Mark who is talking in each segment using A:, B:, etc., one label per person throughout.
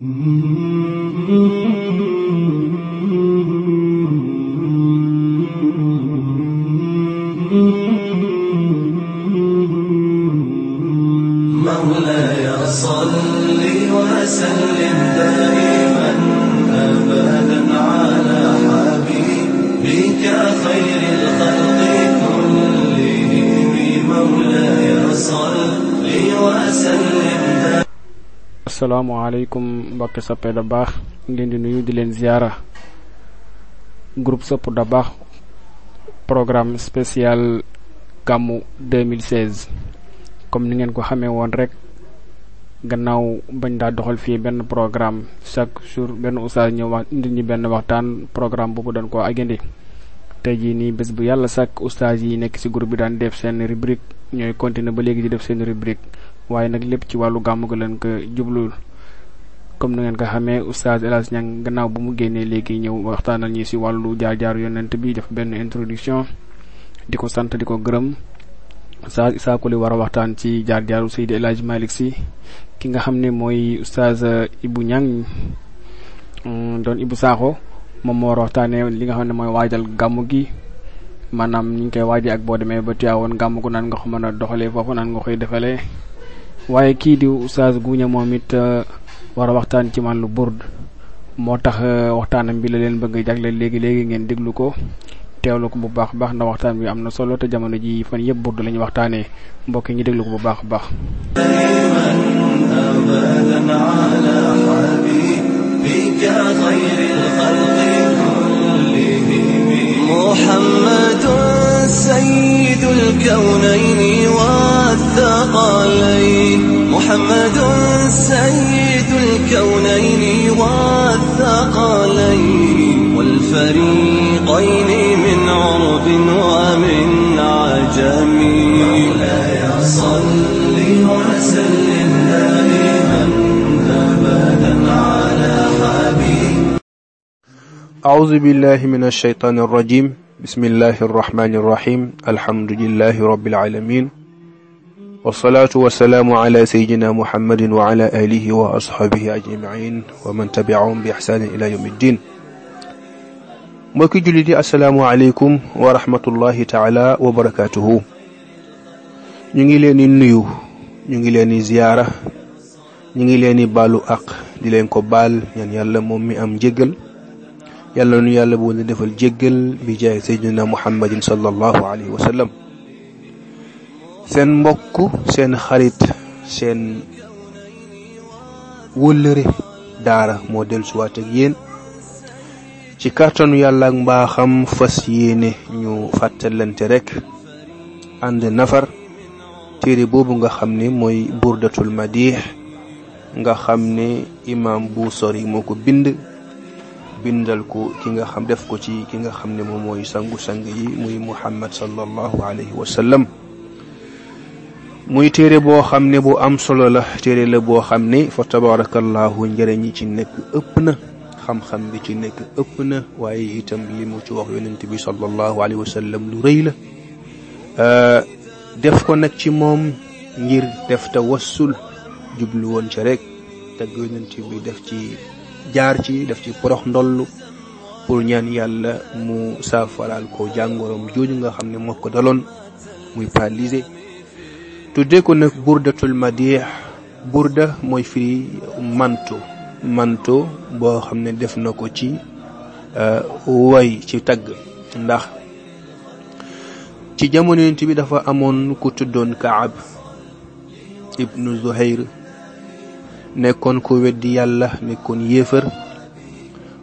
A: Mm-hmm.
B: asalaamaaleykum mbokki soppe da baax ngeen di nuyu di leen ziyaara groupe sopp da baax programme spécial gàmmu 2016 comme ni ngeen ko xamee woon rek gannaaw bañ daa doxal fii benn programme chaque jour benn oustaz ñëw wax indi ñu benn waxtaan programme boobu dañ ko agandi tey jii nii bés bu yàlla sàkk oustaz yi nekk ci groupe bi daan def seen rubrique ñooy continuer ba léegi di def seen rubrique waaye nag lépp ci wàllu gàmmu gi leen ko jublul comme na ngeen ko xamee oustaz El Hadj Niang gannaaw bu mu génnee léegi ñëw waxtaanal ñi ci wàllu jaar-jaar yonent bi def benn introduction di ko sant di ko gërëm oustaz Issa li war a waxtaan ci jaar-jaaru Seydi de Hadj Malick si ki nga xam ne mooy oustaz ibu Niang mm, doon ibu Sakho moom moo war a waxtaanee li nga xam ne mooy waajal gàmmu gi maanaam ñu ngi koy waajee ak boo demee ba Tiwaawoon gàmmu ko naan nga ko mën a doxalee foofu naan nga koy defalee waaye war waxtaan ci man lu burd moo tax euh, waxtaanam bi la leen bëgg jagleel léegi léegi ngeen déglu ko teewlu ko bu baax baax ndax waxtaan bi am na solo te jamono ji fan yëpp burd la waxtaanee mbokk yi ñu déglu ko bu baax baax.
A: على حبيبك خير الخلق كلهم محمد سيد الكونين والثقلين محمد سيد الكونين والثقلين والفريقين من عرب ومن عجم مولاي صل وسلم
C: أعوذ بالله من الشيطان الرجيم بسم الله الرحمن الرحيم الحمد لله رب العالمين والصلاة والسلام على سيدنا محمد وعلى آله وأصحابه أجمعين ومن تبعهم بإحسان إلى يوم الدين mbokki jullit yi asalaamualeykum wa rahmatullahi taala wa barakaatuhu ñu ngi leen di nuyu ñu ngi leen di ziyaara ñu ngi leen di baalu àq di leen ko baal ñaan yàlla moom mi am njëgal yàlla nu yàlla bu ne defal jéggal bi jaay sayyidina muhammadin sallallahu alayhi wa seen mbokk seen xarit seen wëllëre daara moo dellusiwaat ak yéen ci kàttanu yàlla ak mbaaxam fas yéene ñu fàttalante rekk ànd nafar téere boobu nga xam ne mooy burdatul madix nga xam ne imaam bu sori moo ko bind bindal ko ki nga xam def ko ci ki nga xam ne moom mooy sangu-sang yi muy muhammad sallallahu alayhi wa sallam muy téere boo xam ne bu am solo la téere la boo xam ne fa tabarakallahu njëriñ yi ci nekk ëpp na xam-xam bi ci nekk ëpp na waaye itam li mu ci wax yonent bi sallallahu alayhi wa sallam lu rëy la def ko nag ci moom ngir def tawassul jublu woon ci rek teg yonent bi def ci jaar ci def ci porox ndoll pour ñaan yàlla mu saafaraal ko jàngoroom jooju nga xam ne moo ko daloon muy paralysé tuddee ko nag burdatul madih burda mooy firi manto manto boo xam ne def na ko ci euh, way ci tagg ndax ci jamono yonent bi dafa amoon ku tuddoon Kaab ibnu Zuhair nekkoon ko weddi yàlla nekkoon yéefar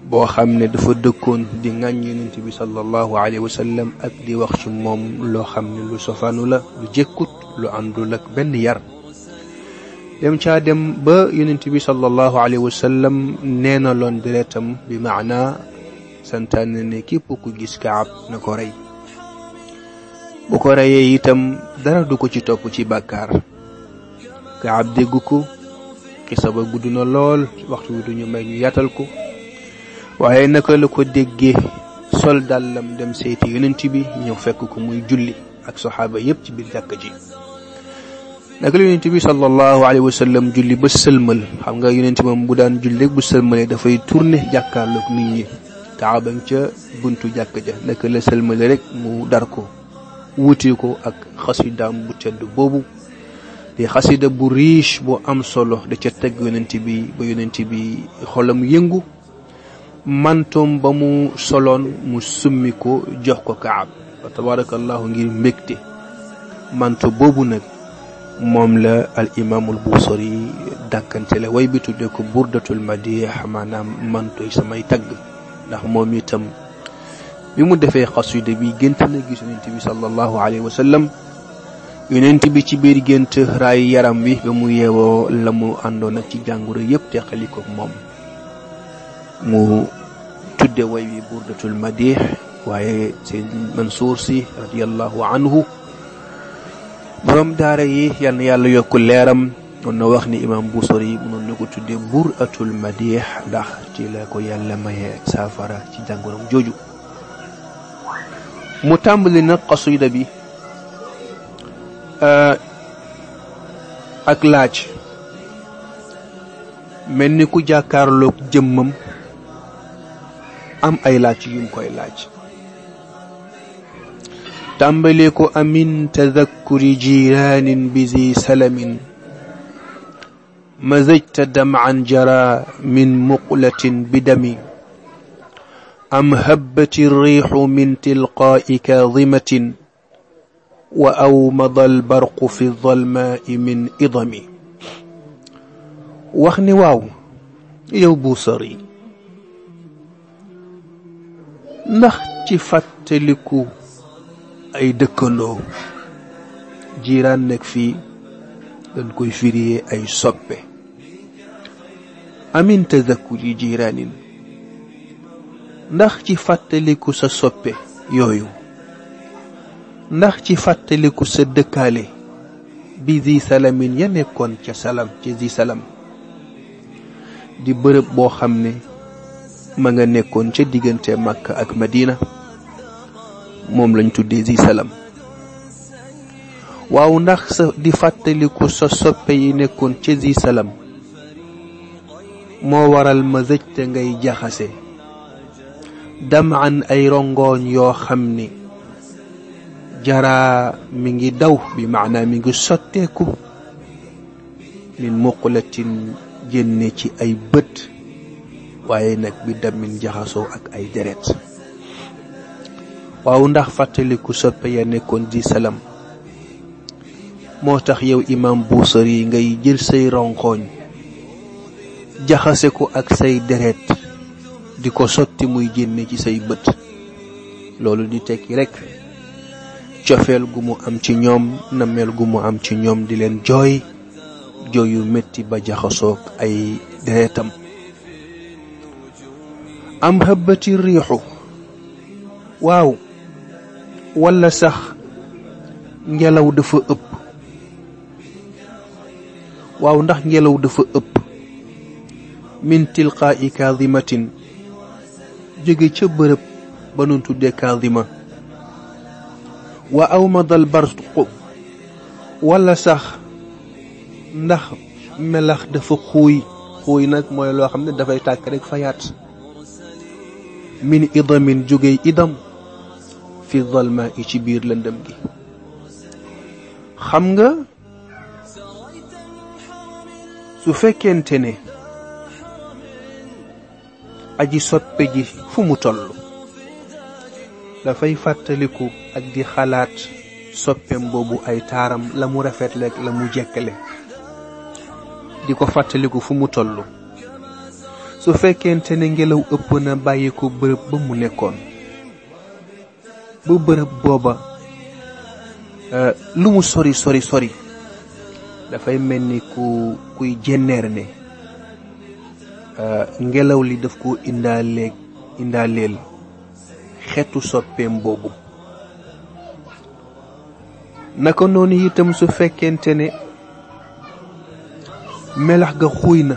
C: boo xam ne dafa dëkkoon di ŋàññ yonent bi sallallahu alayhi wa sallam ak di wax ci moom loo xam ne lu sofaanu la lu jëkkut lu àndul ak benn yar dem caa dem ba yonent bi sallallahu alayhi wa sallam nee na loon deretam bi maanaa santaane ne képp ku gis kaab na ko rey bu ko reyee itam dara du ko ci topp ci bàkkaar kaab dégg ko xisa ba gudd na lool waxtu wi duñu may ñu yaatal ko waaye la ko déggee sol dàllam dem seeti yonent ñëw fekk ko muy julli ak saxaaba yépp ci biir jàkka ji naka la yonent bi sallallahu alayhi julli ba sëlmal xam nga yonent moom bu daan julli rek bu sëlmalee dafay tourné jàkkaarloog nit ñi kaabam ca buntu jàkka ja naka la sëlmale rek mu dar ko wuute ko ak xasidaam bu tedd boobu di xasida bu riche bu am solo da ca teg yonent bi ba yonent bi xolam yëngu mantoom ba mu soloon mu summi ko jox ko kaab wa tabarakallahu ngir mbégte manto boobu nag moom la al imaamul buusori dàkkante la way bi tudde ko burdatul madih maanaam mantoy samay tagg ndax moom itam bi mu defee xasida bi gënt na gis yonent bi sallallahu alayhi wa yonent bi ci biir gént raay yaram wi ba mu yeewoo la mu àndoon ak ci jàngoro yépp te xalikook moom mu tudde way wi burdatul madix waaye seen Mansuur si radiallahu anhu boroom daara yi yal yàlla yokk leeram doon na wax ni imam Busiri mënoon na ko tudde burdatul madix ndax ci la ko yàlla maye saafara ci jàngoroom jooju mu tàmbali nag xasida bi Euh, ak laaj mel ni ku jàkkaarloog jëmmam am ay laaj yu mu koy laaj tàmbale ko amin tadakkuri jiraanin bi zi salamin mazajta dam'an jara min muqlatin bidami am habbati riixu min tilqaa'i kaadimatin وأومض البرق في الظلماء من إضمي wax ni waaw yow buusar yi ndax ci fàttaliku ay dëkkandoo jiiraan nekk fii dañ koy firiyee ay soppe amin tadakkur yi jiiraanin ndax ci fàttaliku sa soppe yooyu ndax ci fàttaliku sa dëkkaale bi zi salamin ya nekkoon ca salam ci zi salam di bërëb boo xam ne ma nga nekkoon ca diggante màkk ak Madina moom lañ tuddee zi salam waaw ndax sa di fàttaliku sa soppe yi nekkoon ca zi salam moo waral ma zëjte ngay jaxase dama an ay rongooñ yoo xam ni jaraa mi ngi daw bi maanaa mi ngi sotteeku min muqulatin génne ci ay bët waaye nag bi damin jaxasoo ak ay deret waaw ndax fàttaliku soppe ya nekkoon di salam moo tax yow imam buusar yi ngay jël say ronkoñ jaxase ko ak say deret di ko sotti muy génne ci say bët loolu di tekki rekk cofeel gu mu am ci ñoom nameel gu mu am ci ñoom di leen jooy jooy yu métti ba jaxasoog ay deretam am xëbbati riixu waaw walla sax ngelaw dafa ëpp waaw ndax ngelaw dafa ëpp min tilqaa'i kaadimatin jóge ca bërëb ba nu tuddee kaadima wa awmadal barqu wala sax ndax melax dafa xuuy xuuy nag mooy loo xam ne dafay tàkk rek fayaat min idamin jógey idam fi zalma i ci biir lëndëm gi xam nga su fekkente ne aji soppe ji fu mu toll dafay fàttaliku ak di xalaat soppeem boobu ay taaram la mu rafetle la mu jekkale di ko fàttaliku fu mu tollu su fekkente ne ngelaw ëpp na bàyyi ko nekkoon bu bërëb booba euh, lu sori sori sori dafay mel ni ku kuy jenneer ne euh, ngelaw li daf ko indaaleel indaaleel xeetu soppeem boobu naka noonu itam su fekkente ne melax ga xuuy na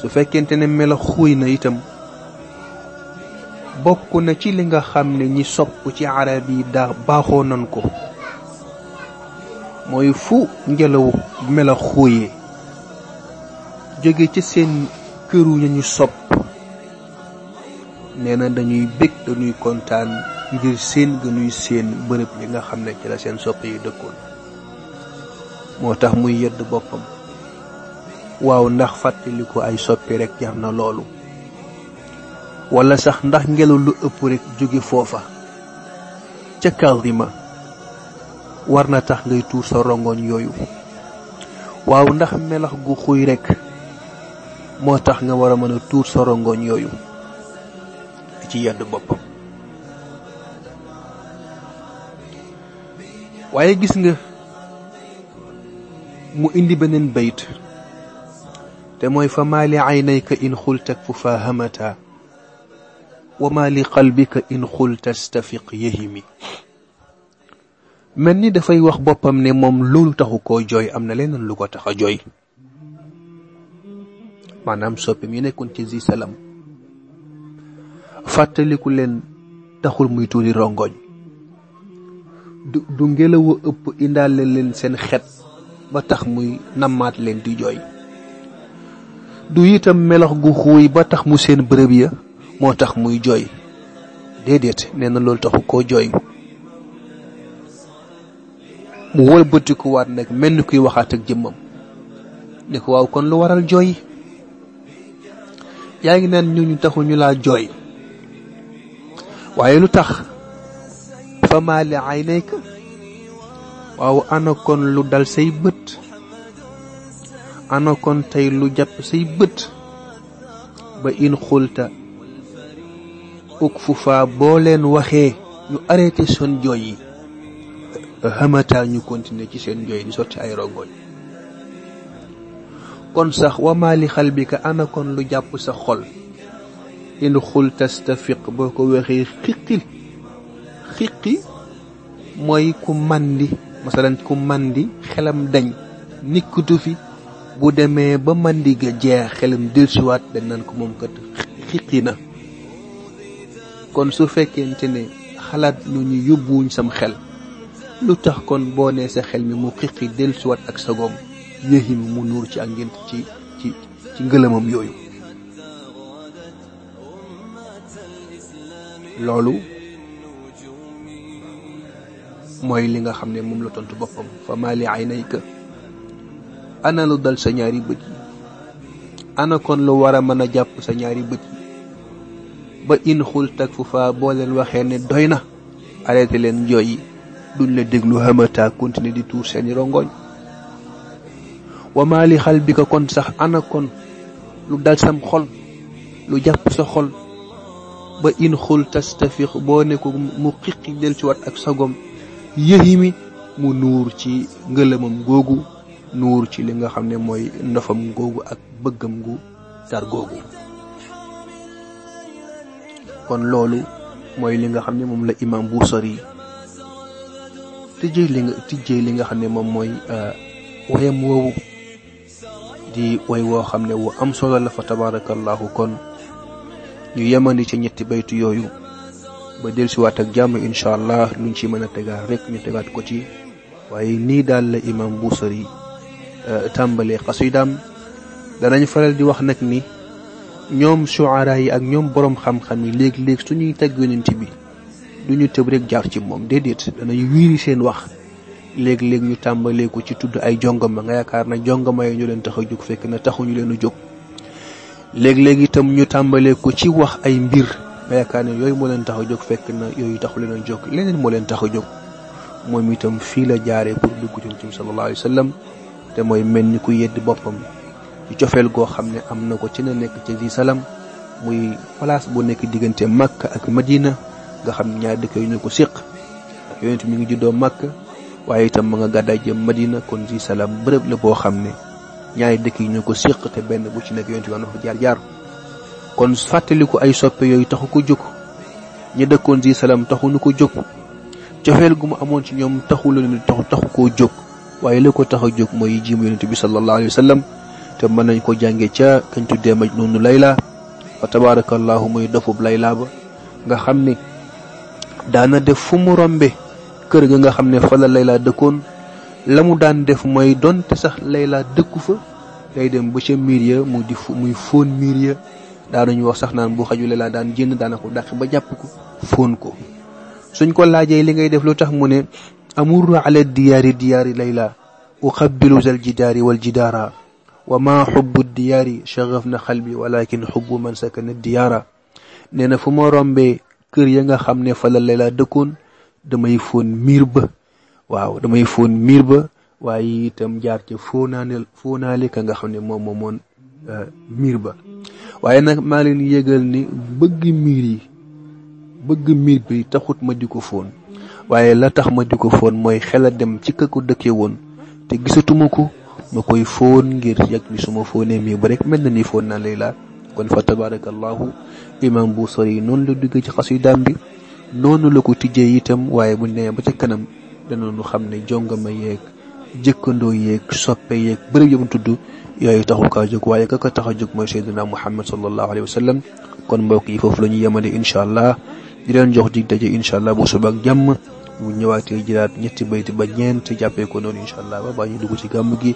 C: su fekkente ne melax xuuy na itam bokk na ci li nga xam ne ñi sopp ci arab yi baaxoo nan ko mooy fu ngelaw melax xuuyee jóge ci seen këru ña ñu sopp nee na dañuy bég dañuy kontaan ngir seen gënuy seen bërëb bi nga xam ne ci la seen soppe yi dëkkoon moo tax muy yedd boppam waaw ndax fàttaliku ay soppi rekk jar na loolu wala sax ndax ngelaw lu ëpp rekk jóge foofa ca ma war na tax ngay tuur sa rongoñ yooyu waaw ndax melax gu xuy rekk moo tax nga war a mën a tuur sa rongoñ yooyu ci yedd waaye gis nga mu indi beneen bayt te mooy fa maa li aynayka in xultat fu fahamata wa maa li qalbika in xultat stafiq yahimi mel ni dafay wax boppam ne moom loolu taxu ko jooy am na leneen lu ko tax a jooy maanaam soppim yu nekkoon ci zi salam fàttaliku leen taxul muy tuuri rongoñ du du ëpp indaale leen seen xet ba tax muy nammaat leen di jooy du itam melox gu xuuy ba tax mu seen bërëb ya moo tax muy jooy déedéet nee na loolu taxu ko jooy mu wëlbatikuwaat nag mel ni kuy waxaat ak jëmmam ne waaw kon lu waral jooy yaa ngi naan ñooñu taxul ñu laa jooy waaye lu tax fa ay li aynayka waaw ana lu dal say bët ana tey lu jàpp say bët ba in xulta ukfufa boo leen waxee ñu arrêté seen jooy yi xamataa ñu continuer ci seen jooy di sotti ay rongoñ kon sax wamaali xalbika bi lu jàpp sa xol in xul tastafiq boo ko weexee xiqil xiqi mooy ku màndi masalan ku màndi xelam dañ nikkutu fi bu demee ba màndi ga jeex xelam dellusiwaat dem nan ko moom kat xiqi na kon su fekkente ne xalaat lu ñu yóbbuwuñ sam xel lu tax kon boo nee sa xel mi mu xiqi dellusiwaat ak sagoom yéexi mu nuur ci ak ngént ci ci ci ngëlëmam yooyu loolu mooy li nga xam ne moom la tontu boppam fa maa li aynayka ana lu dal sa ñaari bët yi ana kon lu war a mën a jàpp sa ñaari bët yi ba in xultak fu faa boo leen waxee ne doy na arrêté leen njooy yi duñ la déglu hamata continuer di tuur seeni rongoñ wa maa li xal bi ko kon sax ana kon lu dal sam xol lu jàpp sa xol ba in xul tastafix boo ne ko mu xiqi del ci wat ak sagom yëhimi mu nuur ci ngëlëmam googu nuur ci li nga xam ne mooy ndofam googu ak bëggam gu tar googu kon loolu mooy li nga xam ne moom la imam Busiri tijjee li nga tijjee li nga xam ne moom mooy uh, wayam woowu di way woo xam ne wu am solo la fa tabarakallahu kon ñu yemandi ca ñetti baytu yooyu ba dellusiwaat ak jàmm incha allah luñ ci mën a tegaat rek ñu tegaat ko ci waaye nii daal la imam Busiri euh, tàmbalee xasidaam danañ faral di wax nag ni ñoom suara yi ak ñoom boroom xam-xam yi léeg-léeg suñuy teg yonent bi du ñu tëb rek jaar ci moom déedéet danañ wiiri seen wax léeg-léeg ñu tàmbalee ko ci tudd ay jongama nga yaakaar na jongama yi ñu leen tax a jóg fekk na taxuñu leen jóg léegi léeg itam ñu tàmbalee ko ci wax ay mbir nga yaakaar ne yooyu moo leen tax a jóg fekk na yooyu taxu leen a jóg leneen moo leen tax a jóg moom itam fii la jaaree pour dugg ci Yonent bi sallallahu alayhi mooy mel ni ku boppam ci goo xam ne am na ko ci na nekk ci di salam muy place bu nekk diggante Makka ak Madina nga xam ñaar dëkk yu ñu ko siq ak yonent mi ngi juddoo Makka waaye itam ma nga gàddaay jëm Madina kon di salam bërëb la boo xam ne ñaari dëkk yi ñu ko séq te benn bu ci nekk yonent bi am jaar jaar kon fàttaliku ay soppe yooyu taxu ko jóg ñi dëkkoon si salaam taxu nu ko jóg cofeel gu mu amoon ci ñoom taxu la taxu taxu ko jóg waaye la ko tax jóg mooy jiim yonent bi sallallahu alayhi wa sallam te mën nañ ko jànge ca kañ tuddee Majnuunu Layla fa tabaarakallahu muy dofub Layla ba nga xam ne daana def fu mu kër ga nga xam ne fa la Layla dëkkoon la mu daan def mooy donte sax Layla dëkku fa day dem ba ca miir ya mu di muy fóon miir ya daanañu wax sax naan bu xaju Layla daan jënd daana ko dàq ba jàpp ko fóon ko suñ ko laajee li ngay def lu tax mu ne amurru ala diyaari diyaari Layla uqabbilu zal jidaari wal jidaara wa maa xubbu diyaari shagaf na xalbi walakin xubbu man sakana diyaara nee na fu ma rombee kër ya nga xam ne fa la Layla dëkkoon damay fóon miir ba waaw damay fóon miir ba waaye itam jaar ca fóonaaneel fóonaale ka nga xam ne moom moon euh, miir ba waaye nag maa leen yëgal ni bëgg miir yi bëgg miir bi taxut ma di ko fóon waaye la tax ma di ko fóon mooy xel a dem ci ka ko dëkke woon te gisatuma ko ma koy fóon ngir yàgg bi suma fóonee miir ba rek mel na ni fóon naa lay laa kon fa tabarakallahu imam bu yi noonu la duggee ci xasidaam bi noonu la ko tijjee itam waaye bu nee ba ca kanam danañu xam ne jongama yeeg jëkkandoo yeeg soppe yeeg bërëb tudd yooyu taxu kaa jóg waaye ka ko tax a jóg mooy Seydina Muhammad sallallahu alayhi wa sallam kon mbokk yi foofu la ñu yemale incha allah di leen jox dig daje incha allah bu suba ak jàmm bu ñëwaatee ñetti bayti ba ñeent jàppee ko noonu incha allah ba baa ñu dugg ci gàmm gi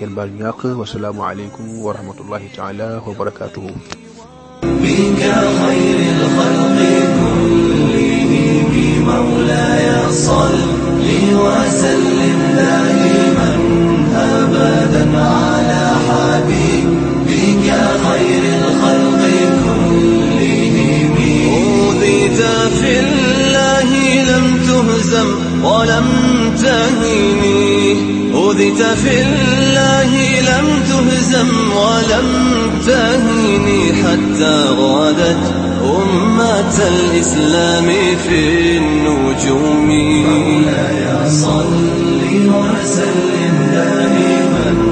C: ngeen baal ñu àq wasalaamu aleykum wa rahmatullahi taala wa barakaatuhu
A: صل وسلم دائما أبدا على حبيبك خير الخلق كلهم أوذيت في الله لم تهزم ولم تهني أوذيت في الله لم تهزم ولم الإسلام في النجوم مولاي صل وسلم دائما